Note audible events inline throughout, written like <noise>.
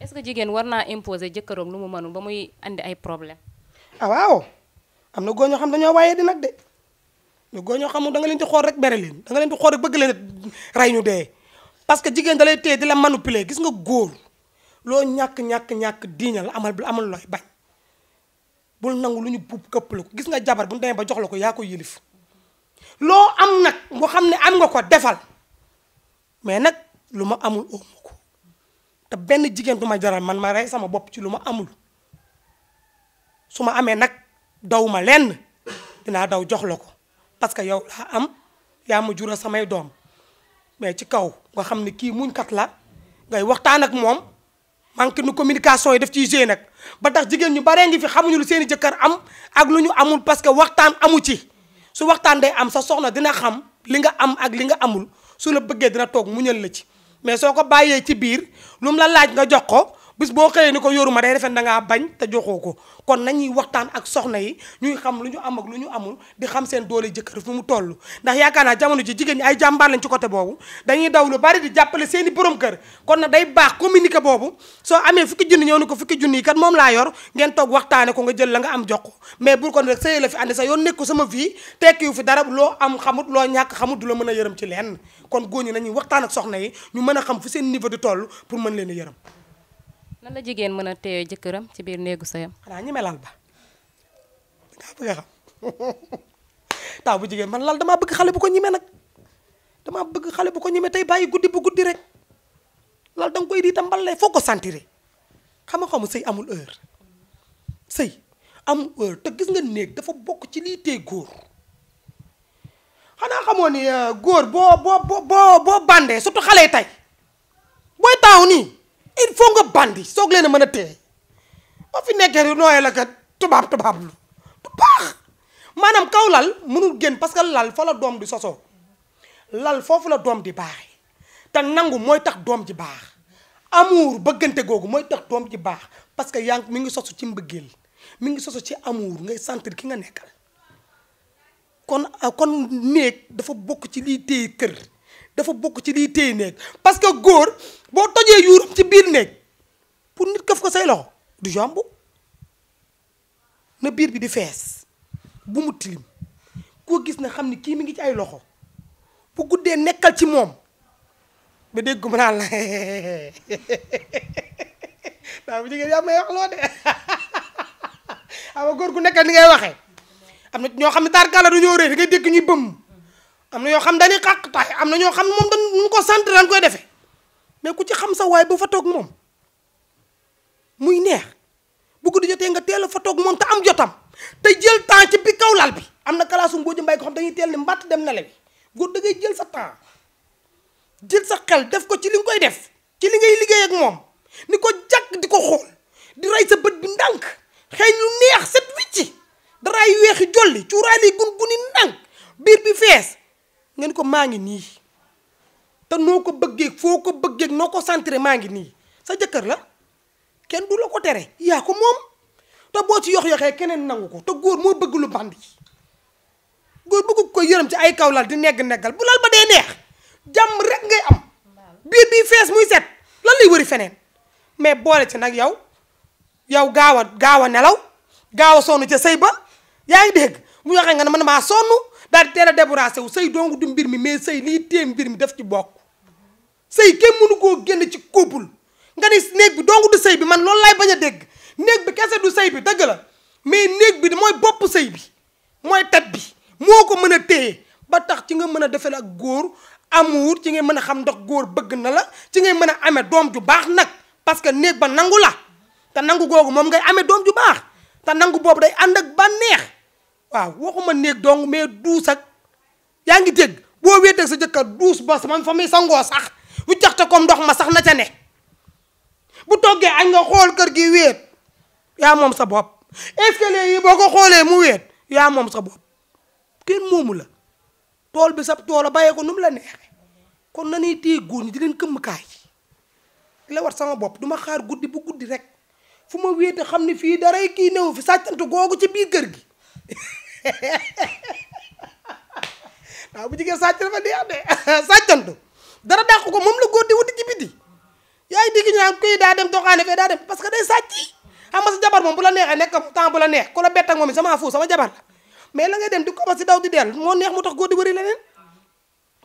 est-ce que jigéen war naa imposer jëkkëram lu mu mënul ba muy andi ay problème ah waaw am na góor ñoo xam dañoo waaye di nag de ñoo xamul da nga leen di xool rek bere leen da leen di xool rek bëgg ñu dee parce que jigéen da lay téye di la manipuler nga góor loo ñàkk ñàkk ñàkk diiñal amal amal looy bañ bul nangu lu ñu buub këpp gis nga jabar bu ñu ba jox la ko yaa ko am nag nga xam ne am nga ko defal mais nag lu ma amul óomu ko te benn jigéen du ma jaral man ma rey sama bopp ci lu ma amul su ma amee nag daw ma lenn dinaa daw jox la ko parce que yow laa am yaa ma jural samay doom mais ci kaw nga xam ne kii muñkat la ngay waxtaan ak moom manque nu communication yi def ciy gérer nag ba tax jigéen ñu baree ngi fi xamuñu lu seeni jëkkër am ak lu ñu amul parce que waxtaan amu ci su waxtaan day am sa soxna dina xam li nga am ak li nga amul su la bëggee dina toog muñal la ci. mais soo ko bàyyee ci biir lu la laaj nga jox ko bis boo xëyee ni ko yoruma day defen da ngaa bañ te joxoo ko kon nañuy waxtaan ak soxna yi ñuy xam lu ñu am ak lu ñu amul di xam seen doole jëkkër fu mu toll ndax yaakaar naa jamono ji jigéen ñi ay jàmbaar lañ ci côté boobu dañuy daw lu bari di jàppale seen borom kër kon na day baax communiqué boobu soo amee fukki junni ñëw ni ko fukki junni yi kat moom laa yor ngeen toog waxtaane ko jël la am jox ko mais bul ko rek sëy la sa yoon nekku sama vie tekkiwu fi dara loo am xamut ñàkk xamut mën a yërëm ci lenn kon góor ñi nañuy waxtaan ak soxna yi ñu mën a xam fu seen niveau di toll pour mën leen a yërëm nan la mën a téye jëkkëram ci biir néegu sëyam. xanaa ñeme lal ba bu jigéen man lal damaa bëgg xale bu ko nag damaa bëgg xale bu ko tey bàyyi guddi bu guddi rek lal da nga koy diita mbalee foo ko sentir xam xamu sëy amul heure sëy amul heure te gis nga néeg dafa bokk ci lii góor xanaa xamoo ni euh, góor boo boo boo boo bandee surtout xale yi tey booy taaw nii. il faut nga bandi soog leen mën a téye boo fi nekkee rek nooyee la kat tubaab tubaab lu bu baax maanaam kaw lal mënul génn parce que lal fa la doom di sosoo lal foofu la doom di baax te nangu mooy tax doom ji baax amour bëggante googu mooy tax doom ji baax parce que yaa ngi mi ngi sosu ci mbëggeel mi ngi sosu ci amour ngay sentir ki nga nekkal kon kon néeg dafa bokk ci liy téye kër. dafa bokk ci liy téye néeg parce que góor boo tojee yuuram ci biir néeg pour nit këf ko say loxo du jomb na biir bi di fees bu mu tilim koo gis na xam ni kii mu ngi ci ay loxo bu guddee nekkal ci moom ba dégg mu naan la daa <laughs> bu jigéen yaa may wax loo de <laughs> ama góor gu nekkal ni ngay waxee am na ñoo xam ne taar kàlla dañoo réer di ngay dégg ñuy bëmm am na yoo xam dañuy xàq taay am na ñoo xam moom dañ ñu ko sant dañ koy defee mais ku ci xam sa waay bu fa toog moom muy neex bu guddi jotee nga teel a fa toog moom te am jotam te jël temps ci bi kaw lal bi am na kalaasu ngóoju mbay ko xam dañuy teel ni mbàtt dem na la bi góor jël sa temps jël sa xel def ko ci li nga koy def ci li ngay liggéey ak moom ni ko jàkk di ko xool di rey sa bët bi ndànk xeeñ lu neex set wicci daraay weexi jolli cuuraay li gun guni ndànk biir bi fees ngeen ko maa ngi nii te noo ko bëggee foo ko bëggee noo ko centré maa ngi nii sa jëkkër la kenn du la ko tere yaa ko moom te boo ci yox-yoxee keneen nangu ko te góor moo bëgg lu bandi góor bëgg ko yërëm ci ay kaw lal di negg-neggal bu lal ba dee neex jàmm rek ngay am biir bii fees muy set lan lay wëri feneen mais boole ci nag yow yow gaaw a gaaw a nelaw gaawa a sonn ca sëy ba yaa ngi dégg mu yoxee nga ne man maa sonn daal teel a wu sëy dong du mbir mi mais sëy lii tee mbir mi def ci bokk sëy kenn mënu koo génn ci couple nga ni néeg bi dong du sëy bi man loolu laay bañ a dégg néeg bi kese du sëy bi dëgg la mais néeg bi mooy bopp sëy bi mooy tat bi moo ko mën a téye ba tax ci nga mën a defal ak góor amuur ci ngay mën a xam ndox góor bëgg na la ci ngay mën a amee doom ju baax nag parce que néeg ba nangu la te nangu googu moom ngay amee doom ju baax te nangu boobu day ànd ak bànneex waaw waxuma néeg dong mais duus ak yaa ngi dégg boo wéeteeg sa jëkkër duus ba man fa muy sangoo sax lu jaxte comme ndox ma sax na ca ne bu toggee añ nga xool kër gi wéet yaa moom sa bopp escalier yi boo ko xoolee mu wéet yaa moom sa bopp kenn moomu la tool bi sa tool a bàyyee ko nu la neexee kon nañuy téye góor ñi di leen këmm kaay di sama bopp duma xaar guddi bu guddi rek fu ma wéete xam ne fii daray kii néew fi sàccantu googu ci biir kër gi <laughs> waaw bu jigéen sàcc dafa neex de <laughs> sàccantu dara dàq ko moom la góor di wuti ci biti yaay dégg ñu naan kii daa dem doxaane fee daa dem parce que day sàcc xam nga sa jabar moom bu la neexee nekk temps bu la neex ku la bett ak moom sama fu sama jabar la mais la ngay dem di commencé daw di dellu moo neex mu tax góor di wëri leneen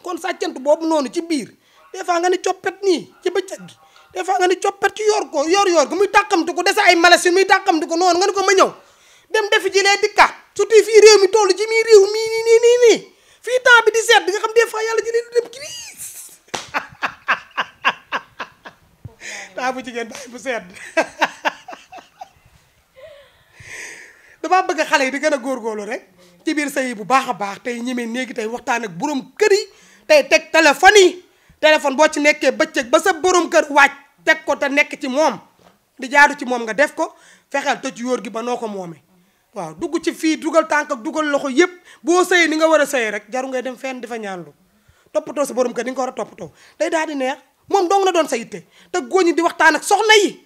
kon sàccantu boobu noonu ci biir des fois nga ni coppet nii ci bëccëg gi des fois nga ni coppet ci yor ko yor yor ko muy tàkkamtu ko dese ay malaise muy tàkkamtu ko noonu nga ni ko ma ñëw dem defi ji lee dikkaat surtout fii réew mi toll ci mii réew mii nii nii nii fii temps bi di seet di nga xam des fois yàlla jëlee lu dem crise <laughs> temps bu jigéen bàyyi bu seet <laughs> damaa bëgg xale yi di gën a góor góorlu rek ci biir sëy bu baax a baax tey ñemee néegi tey waxtaan ak borom kër yi tey teg téléphone yi téléphone boo ci nekkee bëccëg ba sa boroom kër wàcc teg ko te nekk ci moom di jaadu ci moom nga def ko fexeel tëj yóor gi ba noo ko moomee waaw dugg ci fii dugal tànk ak dugal loxo yépp boo sëyee ni nga war a sëyee rek jaru ngay dem fenn di fa ñaanlu toppatoo sa borom kër ni nga ko war a toppatoo day daal di neex moom dong na doon sa yitte te goo ñi di waxtaan ak soxna yi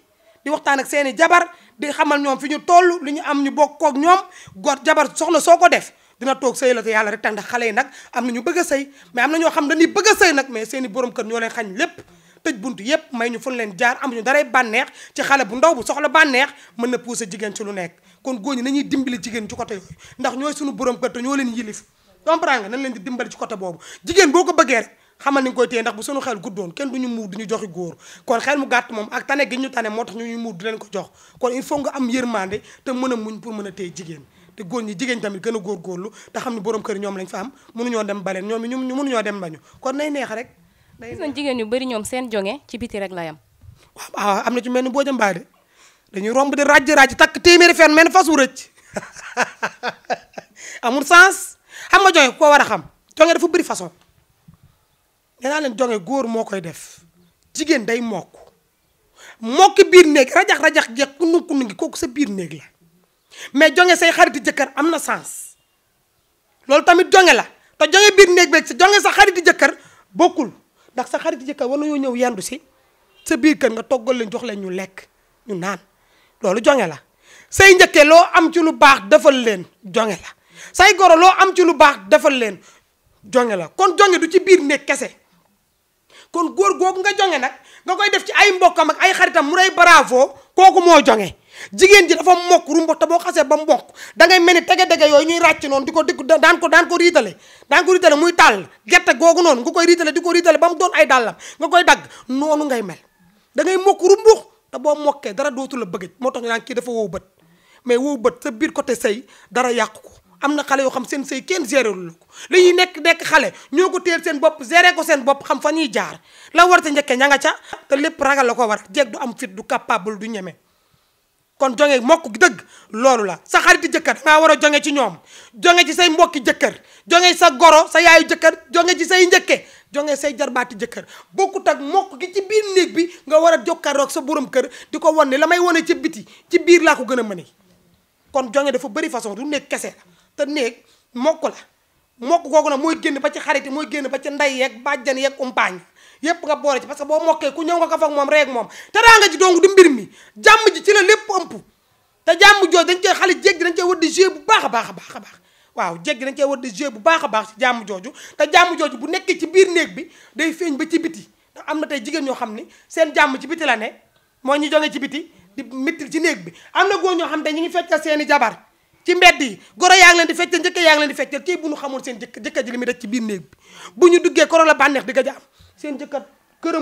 di waxtaan ak seeni jabar di xamal ñoom fi ñu toll lu ñu am ñu bokk ak ñoom góor jabar soxna soo ko def dina toog sëy la te yàlla rek tax ndax xale yi nag am na ñu bëgg a sëy mais am na ñoo xam dañuy bëgg a sëy nag mais seeni borom kër ñoo leen xañ lépp tëj bunt yépp may ñu fun leen jaar amuñu daray bànneex ci xale bu ndaw bu soxla bànneex mën na pousser jigéen ci lu nekk kon góor ñi nañuy dimbali jigéen ci côté ndax ñooy suñu borom kër te ñoo leen yilif comprends leen di dimbali ci côté boobu jigéen boo ko bëggee rek xamal ni nga koy téye ndax bu suñu xel kenn duñu muur duñu joxi góor kon xel mu gàtt moom ak tane gi ñu tane moo tax ñu ñuy muur du leen ko jox kon il faut nga am yërmande te mën a muñ pour mën a téye jigéen te góor ñi jigéen tamit gën a góorgóorlu te xam ne borom kër ñoom lañ fa am mënuñoo dem baleen ñoom ñu mënuñoo dem bañu kon nay neex rek gis nañ jigéen yu bëri ñoom seen jonge ci biti rek la yam waaw am na ci mel ni Mbodia Mbaye de dañuy romb di ràjj takk téeméeri fenn mel ni fas wu rëcc <laughs> amul sens xam koo war a xam jonge dafa bëri façon nee naa leen góor moo koy def jigéen day mokk mokki biir néeg rajax rajax jeex sa biir néeg mais jonge say xariti jëkkër am na sens loolu tamit jonge la te jonge biir néeg beeg sa jonge sa xariti jëkkër bokkul ndax sa xarit jëkkër war nañoo ñëw yendu si sa biir kër nga toggal leen jox leen ñu lekk ñu naan loolu jonge la say njëkke loo am ci lu baax dafal leen jonge la say goro loo am ci lu baax defal leen jonge la kon jonge du ci biir néeg kese kon góor googu nga jonge nag nga koy def ci ay mbokkam ak ay xaritam mu day bravo kooku moo jonge jigéen ji dafa mokk rumba te boo xasee ba mu mokk da ngay mel ni tege-dege yooyu ñuy ràcc noonu di ko dikk daan ko daan ko riitale daan ko riitale muy tàll gerte googu noonu nga koy riitale di ko riitale ba mu doon ay dàllam nga koy dagg noonu ngay mel da ngay mokk rumbux te boo mokkee dara dootu la bëgg moo tax ñu naan kii dafa wow bët mais wow bët sa biir côté sëy dara yàqu ko am na xale yoo xam seen sëy kenn gérélu la ko li ñuy nekk nekk xale ñoo ko téer seen bopp géré ko seen bopp xam fa ñuy jaar la war ta ña nga ca te lépp ragal ko war jeeg du am fit du capable du ñeme kon jonge mokk dëgg loolu la sa xariti jëkkër dangaa war a jonge ci ñoom jonge ci say mbokki jëkkër jonge sa goro sa yaayu jëkkër jonge ci say njëkke jonge say jarbaati jëkkër bokkut ak mokk gi ci biir néeg bi nga war a jokkaroog sa borom kër di ko wan ne la may wane ci biti ci biir laa ko gën a mëne kon jonge dafa bëri façon du néeg kese la te néeg mokk la mokk googu nag mooy génn ba ci xarit yi mooy génn ba ci nday yeeg bàjjan yeeg umpaañ yépp nga boole ci parce que boo mokkee ku ñëw nga ko foog moom reeg moom teraanga ji donc du mbir mi jàmm ji ci la lépp ëmp te jàmm jooju dañ koy xale jéggi dañ koy war di bu baax a baax a baax a waaw jéggi dañ koy war di bu baax a baax jàmm jooju te jàmm jooju bu nekkee ci biir néeg bi day feeñ ba ci biti am na tey jigéen ñoo xam ni seen jàmm ci biti la ne moo ñu jógee ci biti di mittil ci néeg bi am na góor ñoo xam ne ñu ngi feccal seeni jabar ci mbedd yi goro yaa ngi leen di feccal njëkk yaa ngi leen di feccal kii bu ñu xamoon seen jëkk jëkkër ji li muy daj ci biir néeg bi bu ñu duggee koro la bànneex di ga am seen jëkkër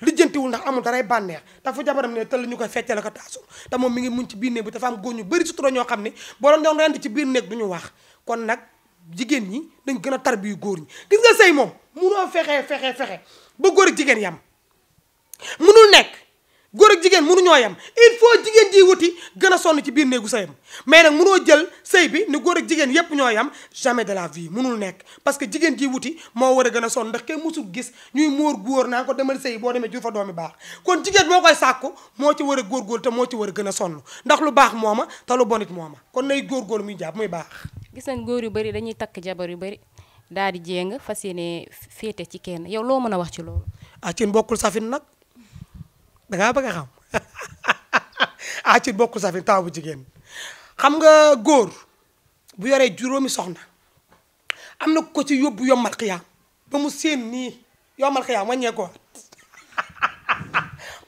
lijjantiwul ndax amul daray bànneex dafa jabaram ne tëll ñu koy feccale ko taasu te moom mi ngi muñ ci biir néeg bi dafa am góor ñu bëri sutura ñoo xam ne boo doon doon rend ci biir néeg du ñu wax kon nag jigéen ñi dañ gën a yu góor ñi gis nga sëy moom munoo fexe fexe fexe ba góor ak jigéen yam munul nekk góor ak jigéen mënuñoo yem il faut jigéen ji wuti gën a sonn ci biir néegu sëyam mais nag mënoo jël sëy bi ni góor ak jigéen yépp ñoo yem jamais de la vie mënul nekk parce que jigéen ji wuti moo war a gën a sonn ndax kenn gis ñuy móor góor naa ko demal sëy boo demee jur fa doomi baax kon jigéen moo koy sàkku moo ci war a góorgóor te moo ci gën a sonn ndax lu baax mooma te lu bonit mooma kon nay góor muy jàpp muy baax gis nañ góor yu bëri dañuy takk jabar yu bëri daal di jéng fas yéene féete ci kenn yow loo mën a wax ci loolu ah cin bokkul safin nag da ngaa bëgg a xam ah <laughs> ci bokku safin temps bu jigéen xam nga góor bu yoree juróomi soxna am na ko ci yóbbu yombal xiyaam ba mu séen nii yombal xiyaam wàññee ko <laughs>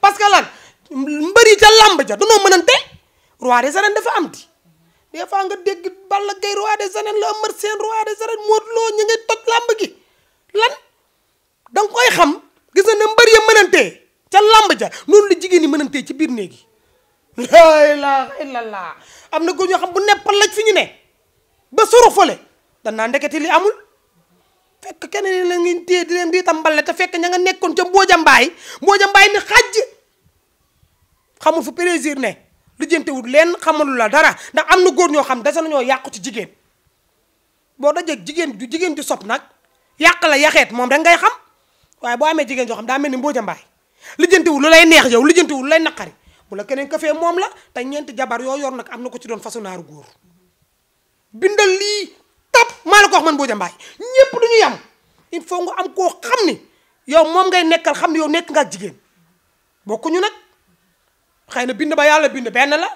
parce que lan mbëri ca làmb ja danoo mënante roi des arènes dafa am ti des fois nga dégg Balla Gaye roi des arènes la Eumeu Sène roi des arènes Modou Lo ñu ngay toj làmb gi lan danga koy xam gis na ne mbër ya mënantee ca làmb ja loolu lu jigéen ñi mënantee ci biir néegi laa ilaaha laa am na góor ñoo xam bu neppal lañ fi ñu ne ba soro fole danaa ndekete li amul fekk keneen la ngeen téye di leen riitam mbale te fekk ña nga nekkoon ca mbooja mbaay mbooja mbaay ni xàjj xamul fu plaisir ne lu jëntewul xamalu la dara ndax am na góor ñoo xam dese nañoo yàqu ci jigéen boo dajee jigéen du jigéen di sob nag yàq la yaxeet moom rek ngay xam waaye boo amee jigéen joo xam daa mel ni mbooja lijjantiwul lu lay neex yow lijjantiwul lu lay naqari bu la keneen kafee moom la te ñeenti jabar yoo yor nag am na ko ci doon façon naaru góor lii tap maa ko wax man Mbodia Mbaye ñépp du ñu il faut nga am koo xam ni yow moom ngay nekkal xam yow nekk nga ak nag xëy na bind ba yàlla bind benn la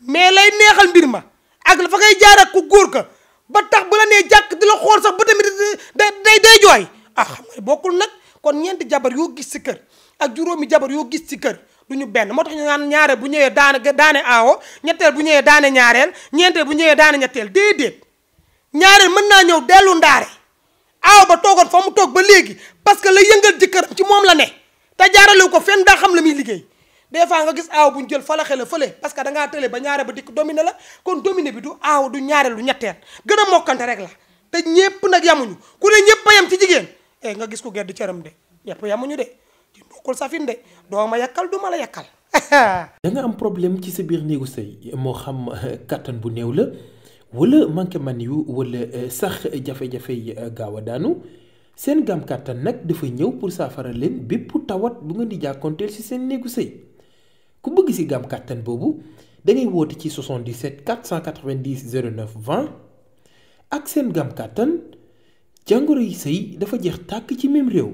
mais lay neexal mbir ma ak fa ngay jaar ku góor ka ba tax bu la nee jàkk di la sax ba tamit day day jooy ah xam nga bokkul nag kon ñeenti jabar yoo gis si kër ak juróomi jabar yoo gis ci kër du ñu benn moo tax ñu naan ñaareel bu ñëwee daane daane aawo ñetteel bu ñëwee daane ñaareel ñeenteel bu ñëwee daane ñetteel déedéet ñaareel mën naa ñëw dellu ndaare aaw ba toogoon fa mu toog ba léegi parce que la yëngal jëkkëram ci moom la ne te jaarale ko fenn daa xam la muy liggéey des fois nga gis aaw bu ñu jël falaxe la fële parce que da ngaa tële ba ñaare ba dikk dominé la kon dominé bi du aaw du ñaareel du ñetteel gën a mokkante rek la te ñépp nag yamuñu ku ne a yam ci jigéen eh, nga gis ko gedd cëram de ñépp yamuñu de di ndukkul sa finde doo ma yakkal du ma la yakkal. <laughs> da nga am problème ci sa biir néegu sëy moo xam <laughs> kattan bu néew la wala manqué man yu wala euh, sax jafe-jafe euh, gaaw a daanu seen gam kattan nag dafa ñëw pour saafara leen bépp tawat bu ngeen di jàkkoonteel ci seen néegu sëy ku bëgg ci gam kattan boobu da ngay woote ci 77 490 09 20 ak seen gam kattan jàngoro yi sëy dafa jeex tàkk ci même réew.